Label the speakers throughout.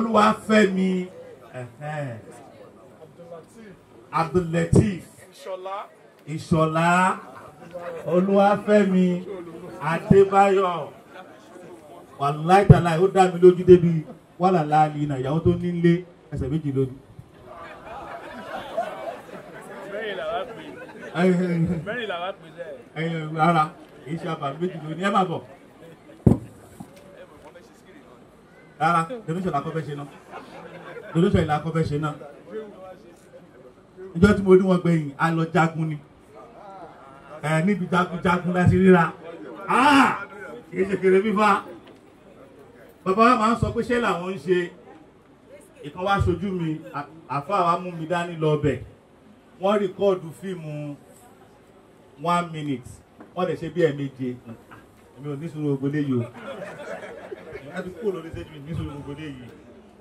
Speaker 1: olúwa fẹ́mi abdulateef ìṣọ̀lá olúwa fẹ́mi adébáyọ̀ wàláìtàláì ó dá mi lójú débi wàlàlá àlìyàn ìyàwó tó nílé ẹsẹ̀ méjì lónìí. mẹ́rin làwọn pèsè. ara kì í ṣe àbàmì méjì lónìí ẹ má bọ̀. rárá hmm. donation làkọ́ fẹ́ ṣe náà donation làkọ́ fẹ́ ṣe náà ìjọ tí mo rí wọn gbẹ̀yìn a jagun ni ẹ níbi jagun jagun láti ríra ah! kìí ṣe kéré fífa bàbá wa máa ń sọ pé ṣé làwọn ń ṣe ìkan wá ṣojú mi àfa wa mú mi dání lọ bẹ̀ wọ́n rìkọ́ọ̀dù fíìmù one minute wọ́n lè ṣe bí ẹ̀ẹ̀méje èmi hmm. ò ní sùúrù ògbólé yìí o a ti kúrò lórí sẹ́jú nítorí gbogbo dé yìí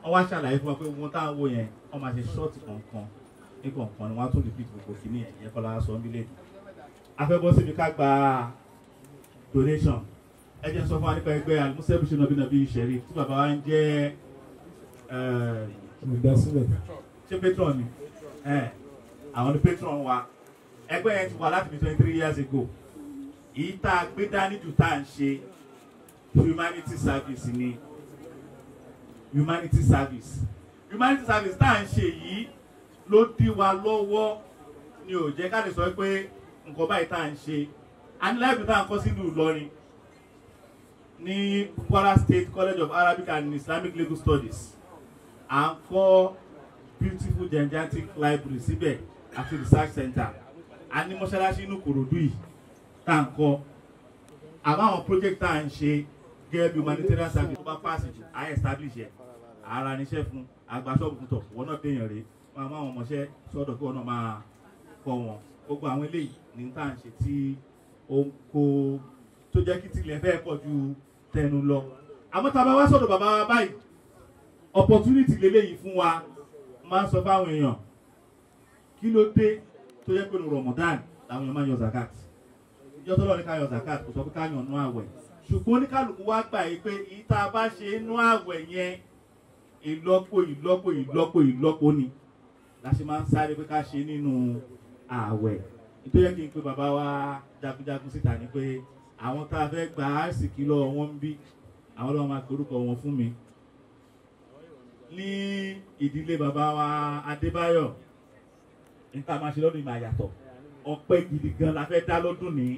Speaker 1: wọ́n wá ṣàlàyé fún wa pé wọn tá à ń wo yẹn wọ́n máa ṣe ṣọ́ọ̀tì kọ̀ọ̀kan ní kọ̀ọ̀kan ni wọ́n á tún lè fi gbogbo kìíní ẹ̀yẹ kọ́lá sọ nílé afẹ́bọ́ síbi ká gba donation ẹ jẹ́ sọ fún wa nípa ẹgbẹ́ alimusebuṣe nabinabi ìṣẹ̀rí tí bàbá wa ń jẹ́ eh, ṣé patron ni àwọn ni patron wa ẹgbẹ́ yẹn ti wà láti bí twenty three years ago èyí tá a gbé dání jù tá à ń ṣe humanity service ni humanity service humanity service tá à ń ṣe yìí ló dí wa lọ́wọ́ ni ò jẹ́ ká lè sọ pé nǹkan báyìí tá à ń ṣe aniláìpẹ́ tá à ń kọ́ sílùú Ìlọrin ní Kwara State College of Arabic and Islamic Legal Studies à ń kọ́ beautiful gigantic library síbẹ̀ àti research center a ní mọ́ṣáláṣí inú Kòròdú yìí tá à ń kọ́ àbáwọn project tá à ń ṣe gẹ́gẹ́ bí humanitarian service tó bá pass jù á establish ẹ̀ ara níṣẹ́ fún àgbà ṣọ́ọ̀bù fún tọ̀ wọ́n náà dèèyàn rèé máa mú àwọn ọmọọṣẹ́ sọ́dọ̀ kí wọ́n náà máa kọ́ wọn gbogbo àwọn eléyìí ní tá à tí ó ń kó tó jẹ́ kí tilẹ̀ fẹ́ pọ̀ ju tẹnu lọ àmọ́ tá a bá wá sọ́dọ̀ bàbá wa báyìí opportunity lélẹ́yìí fún wa máa ń sọ fáwọn èèyàn kí ló dé tó jẹ́ pé ní Ramadan làwọn èèyàn máa yọ zakat ìjọ́ tó lọ́ọ́ ní ká yọ zakat kò sọ pé ká yàn nú àwẹ̀ ṣùgbọ́n oníkálukú wá gbà yí pé èyí tá a bá ṣe inú àwẹ̀ yẹn ìlọ́po ìlọ́po ìlọ́po ìlọ́po ni la ṣe máa ń sáré pé ká ṣe nínú àwẹ̀ nítorí kí n pe bàbá wa jagunjagun síta ni pé àwọn tá a fẹ́ gba àsìkí lọ́wọ́ wọn ń bí àwọn lọ́wọ́ máa korúkọ wọn fún mi ní ìdílé bàbá wa Adébáyọ̀ níta máa ṣe lọ́dún ìmọ̀ àyàtọ̀ ọpẹ́ gidi gan la fẹ́ dá lọ́dún nìyí.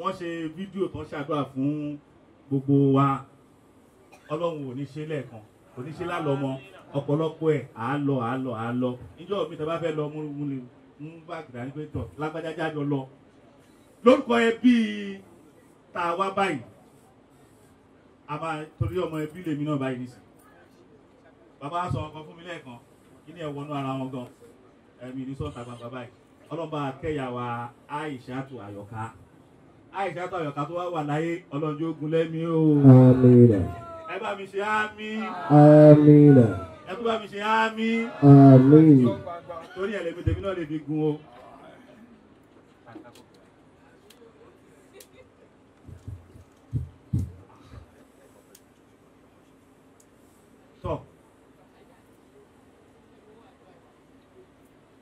Speaker 1: wọ́n ṣe fídíò kan ṣàdúrà fún gbogbo wa ọlọ́run ò ní ṣe lẹ́ẹ̀kan kò ní ṣe lálọ́mọ ọ̀pọ̀lọpọ̀ ẹ̀ à á lọ à á lọ à á lọ níjọ́ mi tẹ́ bá fẹ́ lọ mú lè mú báàgì dání pé tọ̀ lágbájá jájọ lọ lórúkọ ẹbí tá a wá báyìí a máa torí ọmọ ẹbí lèmi náà báyìí nìsín bàbá sọ ọkọ fún mi lẹ́ẹ̀kan kí ni ẹ wọnú ara wọn gan ẹ̀mí ní sọ́ọ̀tà gbangba báyìí ọlọ́ba akẹ́yàwó Aisha tó àyọ̀ká àìsàn àtàwọn ọ̀kà tó wá wà láyé ọlọ́jọ́ ogun lẹ́mí o. amina. ẹ bá mi ṣe ámì. amina. ẹ tó bá mi ṣe ámì. amina. torí ẹ̀ lèmi tèmi náà lè fi gun o. tọ́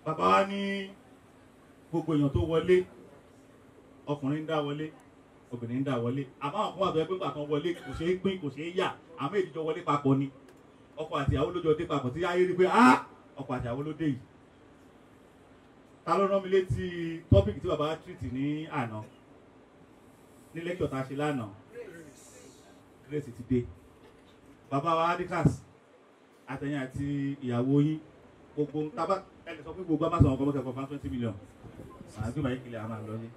Speaker 1: bàbá wa ní gbogbo èèyàn tó wọlé ọkùnrin ń dá wọlé obìnrin ń dá wọlé àmọ́ àwọn kan wà tó yẹ pé gbà kan wọlé kò ṣeé pín kò ṣeé yà àmọ́ èdìjọ wọlé papọ̀ ni ọkọ àti ìyàwó lójó dé papọ̀ tí ayé rí pé ah ọkọ àti ìyàwó ló dé yìí ta ló rán mi létí tọ́pìkì tí bàbá tìrìtì ní àná ní lẹ́kìọ̀ tá ṣe lánàá grace ti dé bàbá wa adikas àtẹ̀yìn àti ìyàwó yín gbogbo tábà ẹ̀ lè sọ pé gbogbo amásàn ọkọ̀ mọ́tẹ́kọ̀ fún twenty million àbí màá yí kìlẹ̀ àmà lọ́yẹ́.